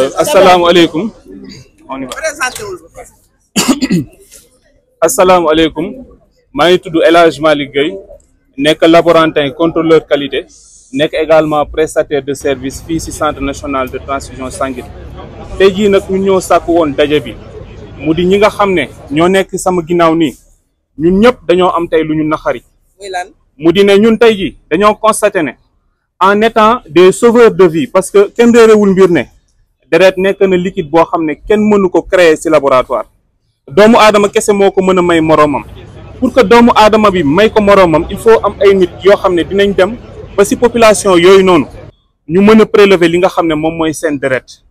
Euh, Assalamu asalaamualeykum alaikum. ngi tudd Elage Hadj Malick Gueye nekk laborantin contrôleur qualité nekk également prestataire de service fii centre national de transfusion sanguine tey jii nag ñun sakouon sàkk woon daje bi mu di ñi nga xam ne ñoo nekk sama ginnaaw nii ñun ñëpp dañoo am tey lu ñu naxari mu di constaté en étant des sauveurs de vie parce que kenn réerewul mbir ne deret nekk na liquide boo xam ne kenn mënu ko créer ci laboratoire doomu aadama kese moo ko mën a may moroomam pour que doomu aadama bi may ko moroomam il faut am ay nit yoo xam ne dinañ dem ba ci population yooyu noonu ñu mën a prélever li nga xam ne moom mooy seen deret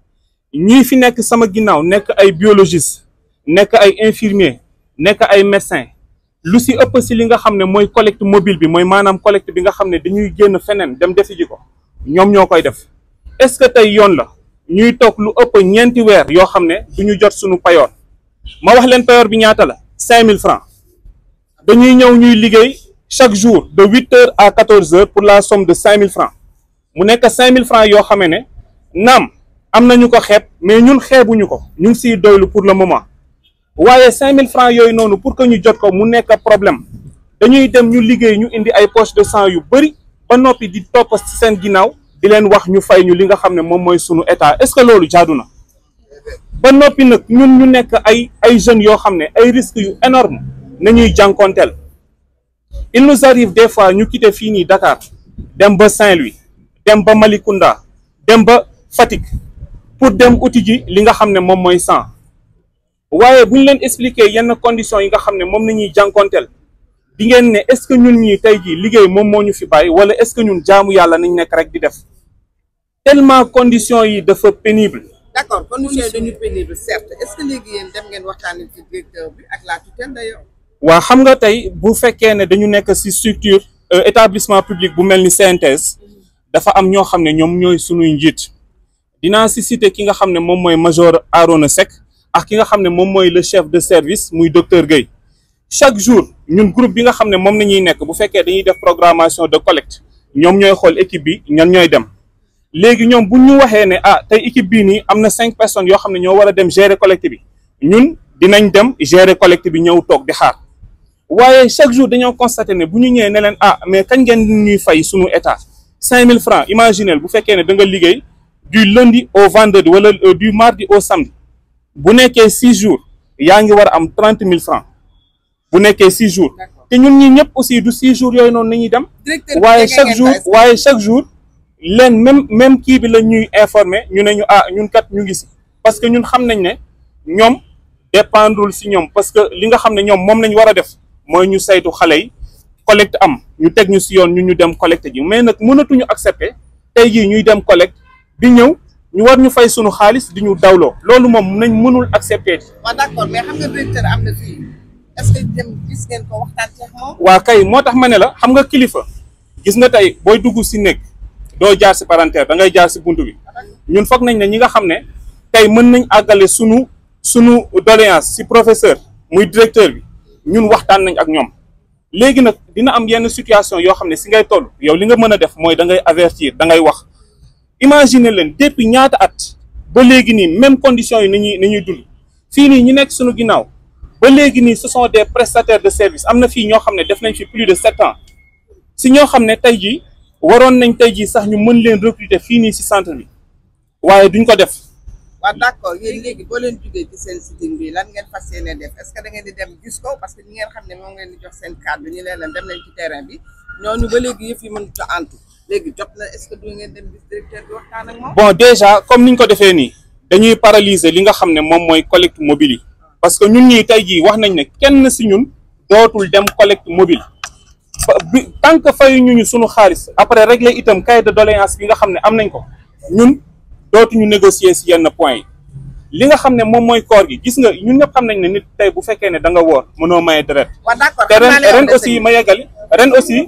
ñii fi nekk sama ginnaaw nekk ay biologiste nekk ay infirmier nekk ay médecin lu ci ëpp ci li nga xam ne mooy collecte mobile bi mooy maanaam collecte bi nga xam ne dañuy génn feneen dem defi ko ñoom ñoo koy def est-ce que tey yoon la ñuy avons lu ëpp peu weer yo xamné ne nous jot suñu ma wax leen payor bi ñaata la francs dañuy ñëw ñuy chaque jour de 8h à 14h pour la somme de 5000 francs mu nekk 5000 francs yo xam ne naam am nañu ko mais ñun xébuñu ko pour le moment avons 5000 francs yoy nonu pour que ñu jot ko mu nekk problème dañuy dem ñu liggéey ñu indi ay poche de sang yu bari ba nopi di de seen di leen wax ñu fay ñu li nga xam ne moom mooy sunu état est que loolu jaadu na ba noppi nag ñun ñu nekk ay ay jeunes yoo xam ne ay risques yu énorme nañuy jànkonteel il nous arrive des fois ñu quitter fii nii Dakar dem ba Saint-Louis dem ba Malicounda dem ba Fatick pour dem uti ji li nga xam ne moom mooy sang waaye bu ñu leen expliquer yenn conditions yi nga xam ne moom la ñuy jànkonteel di ngeen ne est-ce que ñun ñii tey ji liggéey moom moo ñu fi bàyyi wala est-ce que ñun jaamu yàlla nañ nekk rek di def tellement conditions yi dafa pénible. d'accord conditions yi dañu pénible certes est ce que les gens dem ngeen waxtaan ci directeur bi ak la tutelle d'ailleurs. wa xam nga tay bu fekké ne dañu nek ci structure euh, établissement public bu melni CNTS dafa am ño xamné ñom ñoy suñu sunuy njiit ci citer ki nga xamné mom moy major Arona sec ak ki nga xamné mom moy le chef de service muy docteur Gay chaque jour ñun groupe bi nga xamné mom moom nek bu fekké dañuy def programmation de collecte ñom ñoy xol équipe bi ñan ñoy dem léegi ñom buñu waxé né ah tay équipe bi ni le na personnes dem gérer gérer chaque jour francs imaginez bu vous né da nga du lundi au vendredi wala euh, du mardi au samedi bu que six jours ya ngi a am trente francs bu que six jours vous ñun ñi ñëpp aussi du six jours chaque jour chaque jour leen même même kii bi la ñuy informer ñu ne ñu ah ñun kat ñu gis parce que ñun xam nañ ne ñoom dépendrul si ñoom parce que li nga xam ne ñoom moom lañ war a def mooy ñu saytu xale yi collecte am ñu teg ñu si yoon ñu ñu dem collecte ji mais nag mënatuñu accepter tey jii ñuy dem collecte di ñëw ñu war ñu fay sunu xaalis di ñu dawloo loolu moom nañ mënul accepter. waaw d'accord xam na fii est-ce waa kay moo tax ma ne la xam nga kilifa gis nga tey booy dugg si nekk. doo jaar si parentère dangay jaar si bunt bi ñun foog nañ ne ñi nga xam ne tey mën nañ àggale sunu sunu doléance si professeur muy directeur bi ñun waxtaan nañ ak ñoom léegi nag dina am yenn situation yoo xam ne si ngay toll yow li nga mën a def mooy da ngay avertir dangay wax imagine leen depuis ñaata at ba léegi nii même condition yi ni ñuy ni ñuy dund fii nii ñu nekk sunu ginnaaw ba léegi nii ce sont des de service am na fii ñoo xam ne def nañ fi plus de sept si ñoo xam ne tey jii waroon nañ tey jii sax ñu mën leen recruter fii nii si centre bi waaye duñ ko def. waaw d' accord yéen léegi boo leen jugee ci ngeen fas yéene def que da ngeen di dem gis ko parce que ñi ngeen xam ne moom ngeen di jox seen ci terrain bi ñooñu ba léegi a antu léegi jot na est ngeen dem bon déjà comme niñ ko defee nii dañuy paralyser li nga xam ne moom mooy collecte mobile yi parce que ñun ñii tey jii wax nañ ne kenn si ñun dootul dem collecte mobile. bi tant que fayu ñu ñu suñu xaalis après régler itam cahier de doléance bi nga xam ne am nañ ko ñun dootuñu négocier si yenn point yi li nga xam ne moom mooy koor gi gis nga ñun ñëpp xam nañ ne nit tey bu fekkee ne da nga woor mënoo maye deret te ren ren yi ma yeggali ren aussi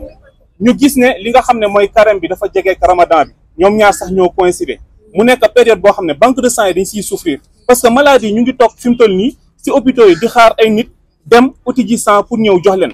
ñu gis ne li nga xam ne mooy carême bi dafa jege ramadan bi ñoom ñaar sax ñoo coïncider mu nekk période boo xam ne banque de sang yi dañ siy souffrir parce que maladie ñu ngi toog fi mu toll nii si hôpitaux yi di nit dem uti ji sang pour ñëw jox leen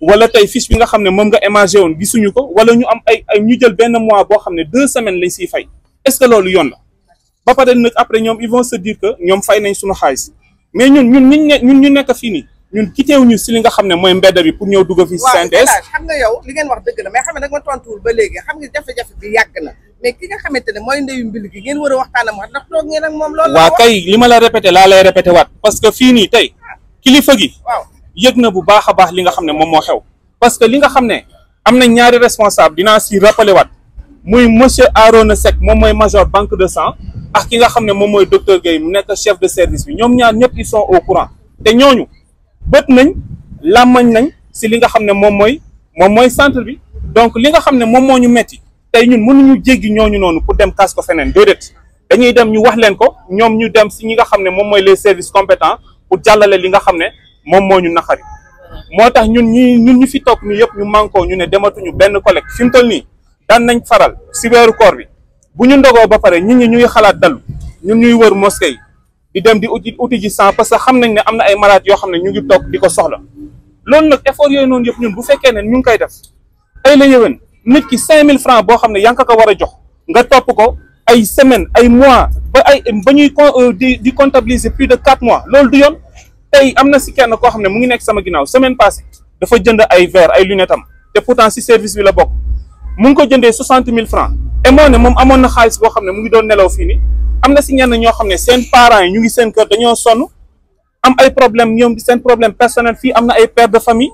wala tey fiche bi nga xam ne moom nga émagé woon gisuñu ko wala ñu am ay ay ñu jël benn mois boo xam ne deux semaines la ba pare nag après ñoom ils vont se dire que ñoom fay nañ suñu xaalis mais ñun ñun ñu ne ñun ñu nekk fii nii ñun kitéewuñu si li nga xam ne mooy mbedd bi pour ñëw dugg fi synthèse xam nga yow li ngeen wax dëgg la mais xam ne nag ma tontuwul ba léegi xam nga jafe-jafe bi yàgg na mais ki nga xamante ne mooy ndeyu mbil gi ngeen war a waxtaan am ndax toog ngeen ak moom loolu waaw kay la répété laa lay répété waat parce que fii nii tey ah. kilifa yëg bu baakha a baax li nga xamne mom mo xew parce que li nga xamne amna ñaari responsable dina si rappeler wat muy monsieur Arona Sek mom moy major banque de sang ak ki nga xamne mom moy docteur Gueye mu nekk chef de service bi ñom ñaar ñep ils sont au courant te ñooñu bët nañ làmmañ nañ si li nga xamne mom moy mom moy centre bi donc li nga xamne mom moom ñu metti tey ñun mënu ñu jéggi ñooñu nonu pour dem casque fenen dedet dañuy dem ñu wax leen ko ñom ñu dem si ñi nga xamne mom moy les services compétents pour jàllale li nga xamne moom moo ñu naqari moo tax ñun ñi ñun ñu fi toog ñu yëpp ñu mànkoo ñu ne dematuñu benn collecte fi mu toll nii daan nañ faral si weeru koor bi bu ñu ndogoo ba pare nit ñi ñuy xalaat dalu ñun ñuy wër mosquée yi di dem di uti uti ji sang parce que xam nañ ne am na ay malade yoo xam ne ñu ngi toog di ko soxla loolu nag effort yooyu noonu yëpp ñun bu fekkee ne ñu ngi koy def ay la yëwén nit ki cinq mille francs boo xam ne yaa ngi ko war a jox nga topp ko ay semaine ay mois ba ay ba ñuy euh, di di comptabiliser plus de quatre mois loolu du yoon Il amna si kenn ko xamne mu ngi nek sama semaine passée dafa jënd ay verre ay té pourtant si service bi la bok, mu ngi ko francs et moo ne moom na xaliss bo xamne mu ngi doon nelaw ont ni parents ñu ngi dañoo am ay problème ñoom di seen problème personnel fi ay de famille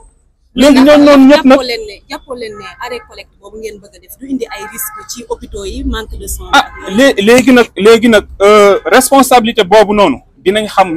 arrêt collecte ngeen hôpitaux yi manque ah, euh, responsabilité dinañ xam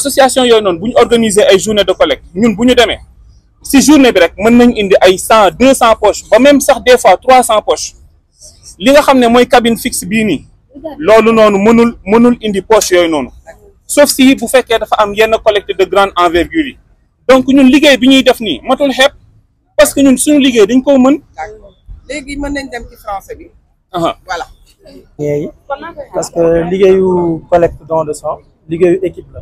association yooyu non bu organiser ay journée de collecte ñun buñu démé ci si journée bi rek mën nañ indi ay 100 200 poches ba même sax des fois 300 poches li nga xamné moy cabine fixe bi ni lolu nonu mënul mënul indi poche yoy noonu sauf si bu féké dafa am yenn collecte de grande envergure donc ñun liggéey bi ñuy def ni matul xép parce que ñun suñu liggéey dañ ko mën. légui mën nañ dem ci français bi. voilà. parce que liggéeyu collecte don de sang liggéeyu équipe la.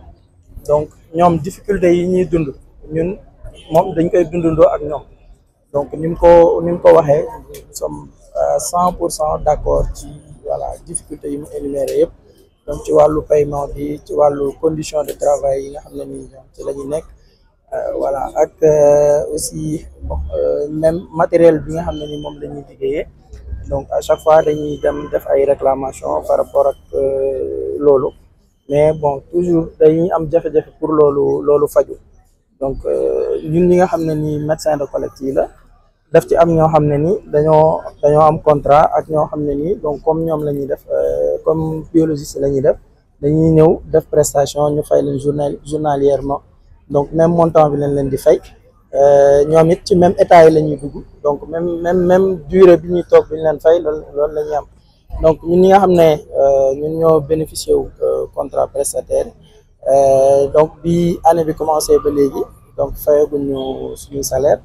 donc ñoom difficulté yi ñuy dund ñun moom dañ koy dundandoo ak ñoom donc ni ko ni mu ko waxee som sommes euh, cent pour cent d' accord ci voilà difficulté yi mu énuméré yëpp ci wàllu paiement bi ci wàllu condition de travail yi nga xam ne ni ñoom ci la ñu nekk euh, voilà ak euh, aussi même matériel bi nga xam ne ni moom la ñuy liggéeyee donc à chaque fois dañuy dem def ay réclamations par rapport ak loolu mais bon toujours dañuy am jafé jafé pour lolu lolu faju donc euh, ñun ñi nga xamné ni médecin de collecte yi la daf ci am ñoo xamné ni dañoo dañoo am contrat ak ñoo xamné ni donc comme ñom lañuy def euh, comme biologiste lañuy def dañuy ñëw def prestation ñu fay leen journal journalièrement donc même montant bi lañ leen di fay euh, ñoom it ci même état yi lañuy dugg donc même même même durée bi ñuy tok bi ñu leen fay loolu loolu am donc ñun ñi nga xamné ne ñun ñoo bénéficier contrat prestataire euh, donc bi année bi commencé ba légui donc fayaguñu suñu salaire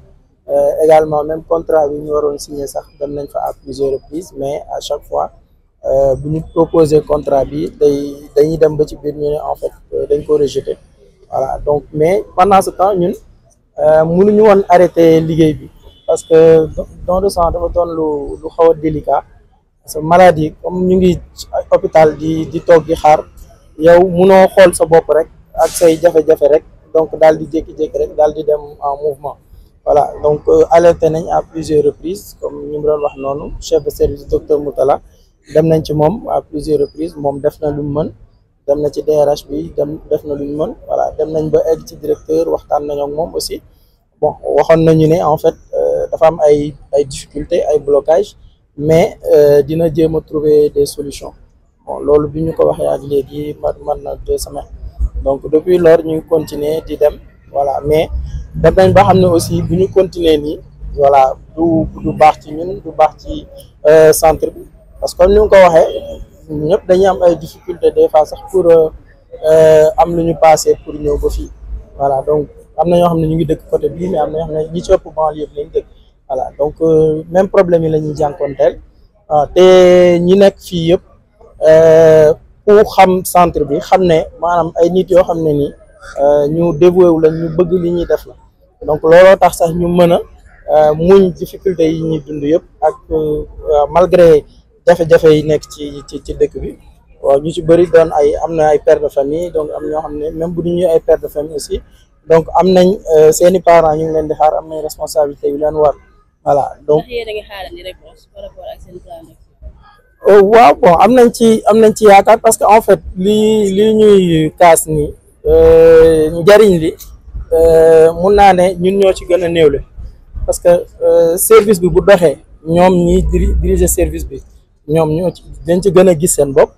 euh, également même contrat bi ñu waron signé sax dem nañ fa à plusieurs reprises mais à chaque fois nous euh, buñu proposé contrat bi day dañuy dem ba ci biir ñu en fait dañ ko rejeter voilà donc mais pendant ce temps ñun mënuñu won arrêté liguey bi parce que dans le sang dafa doon lu lu xawa délicat parce que maladie comme ñu ngi hôpital di di toog di xaar yow munoo xol sa bop rek ak say jafé jafé rek donc dal di jékki-jékki rek dal di dem en mouvement voilà donc euh, alerté nañ à plusieurs reprises comme ñu mu doon wax noonu chef de service docteur Moutala dem nañ ci mom à plusieurs reprises mom def na lu mën dem na ci DRH bi dem def na lu mën voilà dem nañ ba egg ci directeur waxtan nañ ak mom aussi bon waxon nañu né en fait euh, dafa am ay ay difficultés ay blocages mais euh, dina jéem trouver des solutions bon loolu biñu ko waxee ak legui man man na deux semaines donc depuis lors ñu continuer di dem voilà mais dem nañ ba xam aussi biñu continuer ni voilà du du bax ci ñun du bax ci euh centre bi parce que ñu ko waxee ñëpp dañuy am ay difficulté des fois sax pour euh, euh am luñu passer pour ñëw ba fi voilà donc amna na ñoo xam ñu ngi dëkk côté bi mais amna na ñoo ñi ci ëpp banlieue bi lañ dëkk voilà donc euh, même problème yi lañu jankontel jànkoonteel ah, te ñi nek fi yëpp Euh, ku xam centre bi xam ne maanaam ay nit yoo xam ne nii euh, ñu dévoué wu lañ ñu bëgg li ñuy def la donc looloo tax sax ñu mën a euh, muñ difficulté yi ñuy dund yëpp ak malgré jafe-jafe yi nekk ci ci ci dëkk bi waaw ñu ci bëri doon ay am na ay pères de famille donc am ñoo xam ne même bu ñu ay pères de famille aussi donc nañ seeni parent ñu ngi leen di xaar am nañ responsabilité yu leen war voilà donc. Euh, waaw bon am nañ ci am nañ ci yaakaar parce que en fait lii lii ñuy kaas ni euh, njariñ li euh, mun naa ne ñun ñoo ci gën a néewle parce que service bi bu doxee ñoom ñi diriger service bi ñoom ñoo ci dañ ci gën a gis seen bopp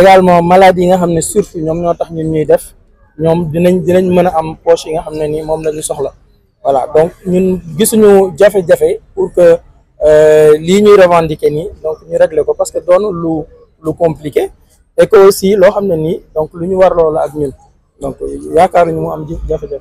également maladies yi nga xam ne surtout ñoom ñoo tax ñun ñuy def ñoom dinañ dinañ mën a am poche yi nga xam ne nii moom lañu soxla voilà donc ñun gisuñu jafe-jafe pour que Euh, lii ñuy revendiquer nii donc ñu régler ko parce que doonul lu lu compliqué et que loo xam ne nii donc lu ñu war loola ak ñun donc yaakaar ñu mu am jafe-jafe